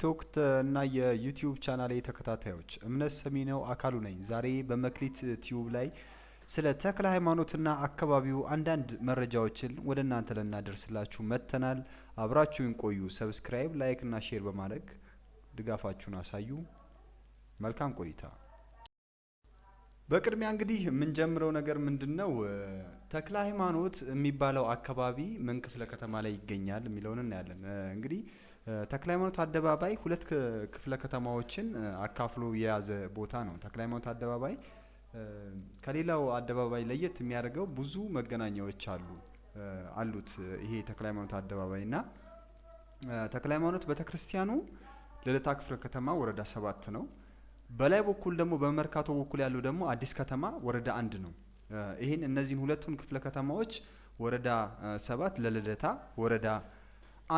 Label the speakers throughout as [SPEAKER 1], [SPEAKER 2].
[SPEAKER 1] የቲክቶክ እና የዩቲዩብ ቻናል ተከታታዮች እምነት ሰሚነው አካሉ ነኝ። ዛሬ በመክሊት ቲዩብ ላይ ስለ ተክለ ሃይማኖትና አካባቢው አንዳንድ መረጃዎችን ወደ እናንተ ልናደርስላችሁ መጥተናል። አብራችሁን ቆዩ። ሰብስክራይብ፣ ላይክ እና ሼር በማድረግ ድጋፋችሁን አሳዩ። መልካም ቆይታ። በቅድሚያ እንግዲህ የምንጀምረው ነገር ምንድን ነው? ተክለ ሃይማኖት የሚባለው አካባቢ ምን ክፍለ ከተማ ላይ ይገኛል የሚለውን እናያለን። እንግዲህ ተክለሃይማኖት አደባባይ ሁለት ክፍለ ከተማዎችን አካፍሎ የያዘ ቦታ ነው። ተክለ ሃይማኖት አደባባይ ከሌላው አደባባይ ለየት የሚያደርገው ብዙ መገናኛዎች አሉ አሉት ይሄ ተክለ ሃይማኖት አደባባይ እና ተክለ ሃይማኖት ቤተክርስቲያኑ ልደታ ክፍለ ከተማ ወረዳ ሰባት ነው። በላይ በኩል ደግሞ በመርካቶ በኩል ያለው ደግሞ አዲስ ከተማ ወረዳ አንድ ነው። ይህን እነዚህን ሁለቱን ክፍለ ከተማዎች ወረዳ ሰባት ለልደታ ወረዳ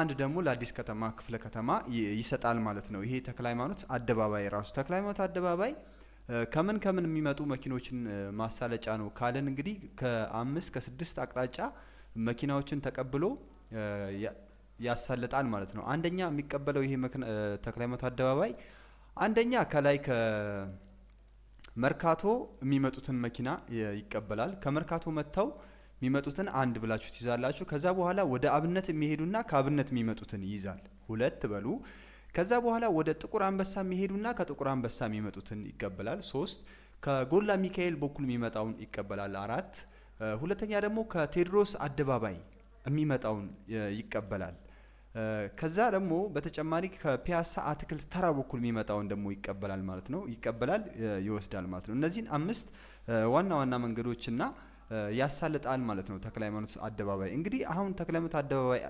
[SPEAKER 1] አንድ ደግሞ ለአዲስ ከተማ ክፍለ ከተማ ይሰጣል ማለት ነው። ይሄ ተክለ ሃይማኖት አደባባይ ራሱ ተክለ ሃይማኖት አደባባይ ከምን ከምን የሚመጡ መኪኖችን ማሳለጫ ነው ካልን እንግዲህ ከአምስት ከስድስት አቅጣጫ መኪናዎችን ተቀብሎ ያሳልጣል ማለት ነው። አንደኛ የሚቀበለው ይሄ ተክለ ሃይማኖት አደባባይ አንደኛ ከላይ ከመርካቶ የሚመጡትን መኪና ይቀበላል። ከመርካቶ መጥተው የሚመጡትን አንድ ብላችሁ ትይዛላችሁ። ከዛ በኋላ ወደ አብነት የሚሄዱና ከአብነት የሚመጡትን ይይዛል። ሁለት በሉ። ከዛ በኋላ ወደ ጥቁር አንበሳ የሚሄዱና ከጥቁር አንበሳ የሚመጡትን ይቀበላል። ሶስት ከጎላ ሚካኤል በኩል የሚመጣውን ይቀበላል። አራት ሁለተኛ ደግሞ ከቴዎድሮስ አደባባይ የሚመጣውን ይቀበላል። ከዛ ደግሞ በተጨማሪ ከፒያሳ አትክልት ተራ በኩል የሚመጣውን ደግሞ ይቀበላል ማለት ነው። ይቀበላል ይወስዳል ማለት ነው። እነዚህን አምስት ዋና ዋና መንገዶችና ያሳልጣል ማለት ነው። ተክለ ሃይማኖት አደባባይ እንግዲህ አሁን ተክለ ሃይማኖት አደባባይ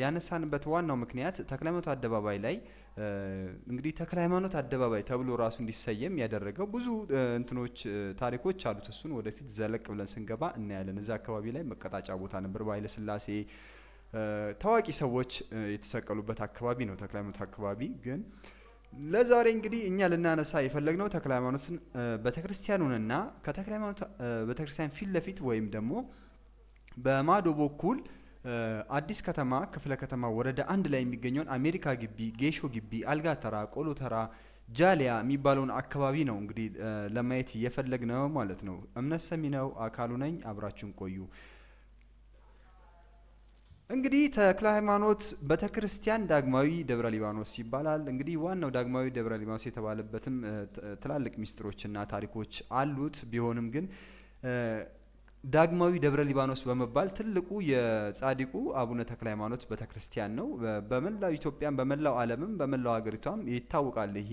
[SPEAKER 1] ያነሳንበት ዋናው ምክንያት ተክለ ሃይማኖት አደባባይ ላይ እንግዲህ ተክለ ሃይማኖት አደባባይ ተብሎ ራሱ እንዲሰየም ያደረገው ብዙ እንትኖች ታሪኮች አሉት። እሱን ወደፊት ዘለቅ ብለን ስንገባ እናያለን። እዛ አካባቢ ላይ መቀጣጫ ቦታ ነበር በኃይለ ስላሴ ታዋቂ ሰዎች የተሰቀሉበት አካባቢ ነው። ተክለ ሃይማኖት አካባቢ ግን ለዛሬ እንግዲህ እኛ ልናነሳ የፈለግነው ተክለ ሃይማኖትን ቤተክርስቲያኑንና ከተክለ ሃይማኖት ቤተክርስቲያን ፊት ለፊት ወይም ደግሞ በማዶ በኩል አዲስ ከተማ ክፍለ ከተማ ወረዳ አንድ ላይ የሚገኘውን አሜሪካ ግቢ፣ ጌሾ ግቢ፣ አልጋ ተራ፣ ቆሎ ተራ፣ ጃሊያ የሚባለውን አካባቢ ነው እንግዲህ ለማየት እየፈለግነው ማለት ነው። እምነት ሰሚ ነው አካሉ ነኝ። አብራችሁን ቆዩ። እንግዲህ ተክለ ሃይማኖት ቤተ ክርስቲያን ዳግማዊ ደብረ ሊባኖስ ይባላል። እንግዲህ ዋናው ዳግማዊ ደብረ ሊባኖስ የተባለበትም ትላልቅ ሚስጥሮችና ታሪኮች አሉት። ቢሆንም ግን ዳግማዊ ደብረ ሊባኖስ በመባል ትልቁ የጻድቁ አቡነ ተክለ ሃይማኖት ቤተ ክርስቲያን ነው። በመላው ኢትዮጵያም በመላው ዓለምም በመላው ሀገሪቷም ይታወቃል። ይሄ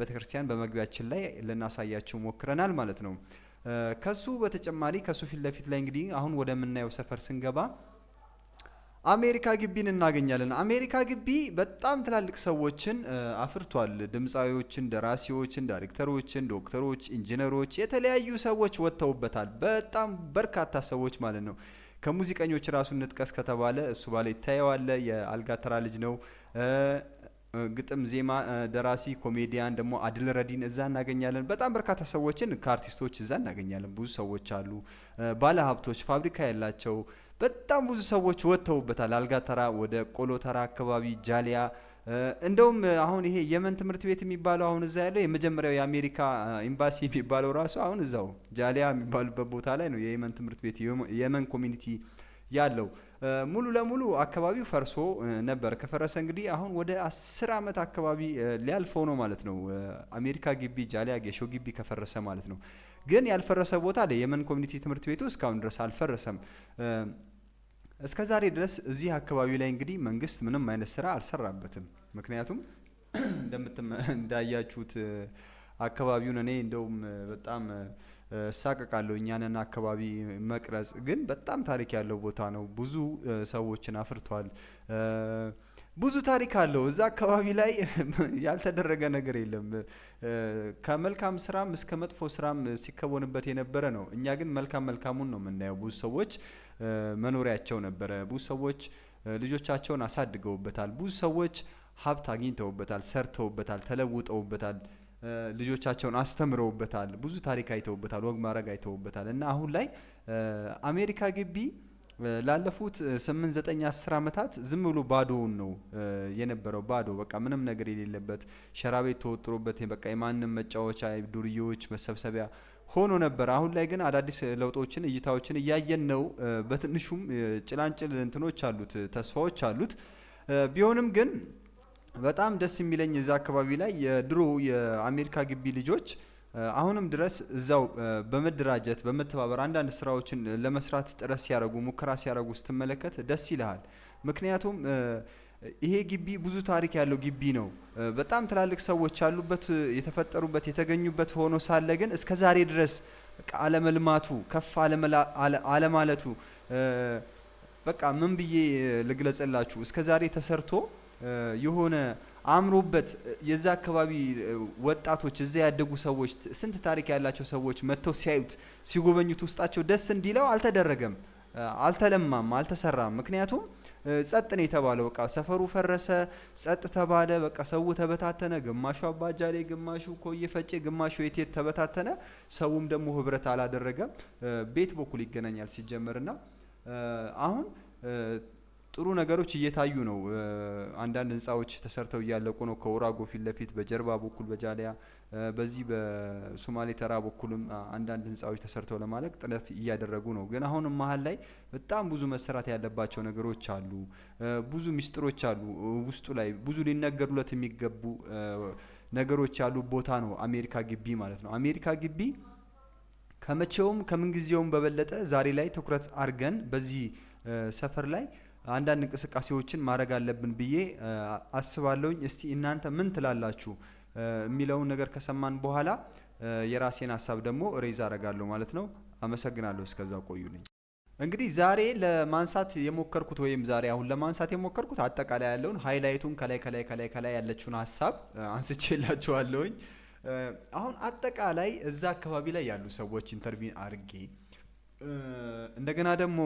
[SPEAKER 1] ቤተ ክርስቲያን በመግቢያችን ላይ ልናሳያቸው ሞክረናል ማለት ነው። ከሱ በተጨማሪ ከሱ ፊት ለፊት ላይ እንግዲህ አሁን ወደምናየው ሰፈር ስንገባ አሜሪካ ግቢን እናገኛለን። አሜሪካ ግቢ በጣም ትላልቅ ሰዎችን አፍርቷል። ድምፃዊዎችን፣ ደራሲዎችን፣ ዳይሬክተሮችን፣ ዶክተሮች፣ ኢንጂነሮች የተለያዩ ሰዎች ወጥተውበታል። በጣም በርካታ ሰዎች ማለት ነው። ከሙዚቀኞች ራሱን እንጥቀስ ከተባለ እሱ ባለ ይታየዋለ። የአልጋ ተራ ልጅ ነው። ግጥም፣ ዜማ ደራሲ፣ ኮሜዲያን ደግሞ አድል ረዲን እዛ እናገኛለን። በጣም በርካታ ሰዎችን ከአርቲስቶች እዛ እናገኛለን። ብዙ ሰዎች አሉ፣ ባለ ሀብቶች፣ ፋብሪካ ያላቸው በጣም ብዙ ሰዎች ወጥተውበታል። አልጋ ተራ ወደ ቆሎ ተራ አካባቢ ጃሊያ፣ እንደውም አሁን ይሄ የመን ትምህርት ቤት የሚባለው አሁን እዛ ያለው የመጀመሪያው የአሜሪካ ኤምባሲ የሚባለው ራሱ አሁን እዛው ጃሊያ የሚባሉበት ቦታ ላይ ነው የየመን ትምህርት ቤት የመን ኮሚኒቲ ያለው ሙሉ ለሙሉ አካባቢው ፈርሶ ነበር። ከፈረሰ እንግዲህ አሁን ወደ አስር ዓመት አካባቢ ሊያልፈው ነው ማለት ነው። አሜሪካ ግቢ ጃሊያ ጌሾ ግቢ ከፈረሰ ማለት ነው። ግን ያልፈረሰ ቦታ አለ። የመን ኮሚኒቲ ትምህርት ቤቱ እስካሁን ድረስ አልፈረሰም። እስከ ዛሬ ድረስ እዚህ አካባቢ ላይ እንግዲህ መንግስት ምንም አይነት ስራ አልሰራበትም። ምክንያቱም እንዳያችሁት አካባቢውን እኔ እንደውም በጣም እሳቀቃለሁ እኛንን አካባቢ መቅረጽ ግን በጣም ታሪክ ያለው ቦታ ነው። ብዙ ሰዎችን አፍርቷል። ብዙ ታሪክ አለው። እዛ አካባቢ ላይ ያልተደረገ ነገር የለም። ከመልካም ስራም እስከ መጥፎ ስራም ሲከወንበት የነበረ ነው። እኛ ግን መልካም መልካሙን ነው የምናየው። ብዙ ሰዎች መኖሪያቸው ነበረ። ብዙ ሰዎች ልጆቻቸውን አሳድገውበታል። ብዙ ሰዎች ሀብት አግኝተውበታል፣ ሰርተውበታል፣ ተለውጠውበታል። ልጆቻቸውን አስተምረውበታል። ብዙ ታሪክ አይተውበታል። ወግ ማድረግ አይተውበታል። እና አሁን ላይ አሜሪካ ግቢ ላለፉት ስምንት ዘጠኝ አስር ዓመታት ዝም ብሎ ባዶውን ነው የነበረው። ባዶ በቃ ምንም ነገር የሌለበት ሸራ ቤት ተወጥሮበት በቃ የማንም መጫወቻ ዱርዬዎች መሰብሰቢያ ሆኖ ነበር። አሁን ላይ ግን አዳዲስ ለውጦችን እይታዎችን እያየን ነው። በትንሹም ጭላንጭል እንትኖች አሉት፣ ተስፋዎች አሉት። ቢሆንም ግን በጣም ደስ የሚለኝ እዚ አካባቢ ላይ የድሮ የአሜሪካ ግቢ ልጆች አሁንም ድረስ እዛው በመደራጀት በመተባበር አንዳንድ ስራዎችን ለመስራት ጥረት ሲያደርጉ ሙከራ ሲያደርጉ ስትመለከት ደስ ይልሃል። ምክንያቱም ይሄ ግቢ ብዙ ታሪክ ያለው ግቢ ነው። በጣም ትላልቅ ሰዎች ያሉበት የተፈጠሩበት የተገኙበት ሆኖ ሳለ ግን እስከ ዛሬ ድረስ አለመልማቱ ከፍ አለማለቱ በቃ ምን ብዬ ልግለጽላችሁ እስከ ዛሬ ተሰርቶ የሆነ አምሮበት የዛ አካባቢ ወጣቶች እዛ ያደጉ ሰዎች ስንት ታሪክ ያላቸው ሰዎች መጥተው ሲያዩት ሲጎበኙት ውስጣቸው ደስ እንዲለው አልተደረገም፣ አልተለማም፣ አልተሰራም። ምክንያቱም ጸጥ ነው የተባለው። በቃ ሰፈሩ ፈረሰ፣ ጸጥ ተባለ። በቃ ሰው ተበታተነ። ግማሹ አባጃሌ፣ ግማሹ ኮየ ፈጬ፣ ግማሹ የቴት ተበታተነ። ሰውም ደግሞ ህብረት አላደረገም። ቤት በኩል ይገናኛል ሲጀመርና አሁን ጥሩ ነገሮች እየታዩ ነው። አንዳንድ ህንፃዎች ተሰርተው እያለቁ ነው። ከውራጎ ፊት ለፊት በጀርባ በኩል በጃሊያ በዚህ በሶማሌ ተራ በኩልም አንዳንድ ህንፃዎች ተሰርተው ለማለቅ ጥረት እያደረጉ ነው። ግን አሁንም መሀል ላይ በጣም ብዙ መሰራት ያለባቸው ነገሮች አሉ። ብዙ ሚስጥሮች አሉ ውስጡ ላይ ብዙ ሊነገሩለት የሚገቡ ነገሮች ያሉ ቦታ ነው አሜሪካ ግቢ ማለት ነው። አሜሪካ ግቢ ከመቼውም ከምንጊዜውም በበለጠ ዛሬ ላይ ትኩረት አድርገን በዚህ ሰፈር ላይ አንዳንድ እንቅስቃሴዎችን ማድረግ አለብን ብዬ አስባለሁኝ። እስቲ እናንተ ምን ትላላችሁ የሚለውን ነገር ከሰማን በኋላ የራሴን ሀሳብ ደግሞ ሬዝ አረጋለሁ ማለት ነው። አመሰግናለሁ። እስከዛው ቆዩልኝ። እንግዲህ ዛሬ ለማንሳት የሞከርኩት ወይም ዛሬ አሁን ለማንሳት የሞከርኩት አጠቃላይ ያለውን ሀይላይቱን ከላይ ከላይ ከላይ ከላይ ያለችውን ሀሳብ አንስቼላችኋለሁኝ። አሁን አጠቃላይ እዛ አካባቢ ላይ ያሉ ሰዎች ኢንተርቪው አድርጌ እንደገና ደግሞ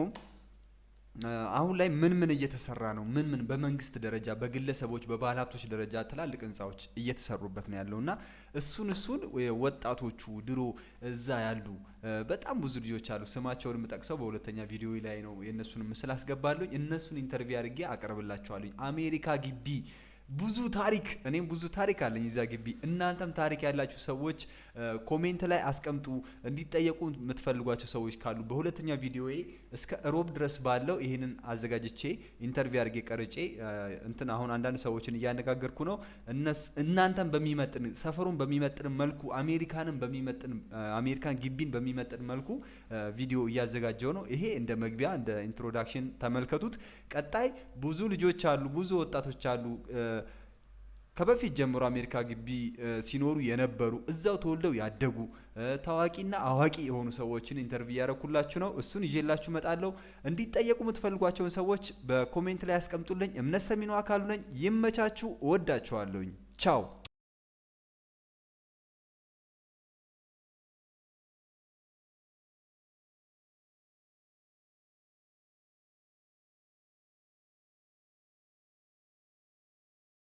[SPEAKER 1] አሁን ላይ ምን ምን እየተሰራ ነው? ምን ምን በመንግስት ደረጃ በግለሰቦች በባለሀብቶች ደረጃ ትላልቅ ህንፃዎች እየተሰሩበት ነው ያለው እና እሱን እሱን ወጣቶቹ ድሮ እዛ ያሉ በጣም ብዙ ልጆች አሉ። ስማቸውን የምጠቅሰው በሁለተኛ ቪዲዮ ላይ ነው። የእነሱን ምስል አስገባለሁኝ። እነሱን ኢንተርቪው አድርጌ አቀርብላቸዋለኝ። አሜሪካ ግቢ ብዙ ታሪክ እኔም ብዙ ታሪክ አለኝ እዚያ ግቢ። እናንተም ታሪክ ያላችሁ ሰዎች ኮሜንት ላይ አስቀምጡ። እንዲጠየቁ የምትፈልጓቸው ሰዎች ካሉ በሁለተኛው ቪዲዮዬ እስከ ሮብ ድረስ ባለው ይህንን አዘጋጅቼ ኢንተርቪው አድርጌ ቀርጬ እንትን አሁን አንዳንድ ሰዎችን እያነጋገርኩ ነው። እናንተም በሚመጥን ሰፈሩን በሚመጥን መልኩ አሜሪካንም በሚመጥን አሜሪካን ግቢን በሚመጥን መልኩ ቪዲዮ እያዘጋጀው ነው። ይሄ እንደ መግቢያ እንደ ኢንትሮዳክሽን ተመልከቱት። ቀጣይ ብዙ ልጆች አሉ፣ ብዙ ወጣቶች አሉ ከበፊት ጀምሮ አሜሪካ ግቢ ሲኖሩ የነበሩ እዛው ተወልደው ያደጉ ታዋቂና አዋቂ የሆኑ ሰዎችን ኢንተርቪው እያደረኩላችሁ ነው። እሱን ይዤላችሁ መጣለሁ። እንዲጠየቁ የምትፈልጓቸውን ሰዎች በኮሜንት ላይ ያስቀምጡልኝ። እምነት ሰሚኑ አካሉ ነኝ። ይመቻችሁ። እወዳችኋለሁኝ። ቻው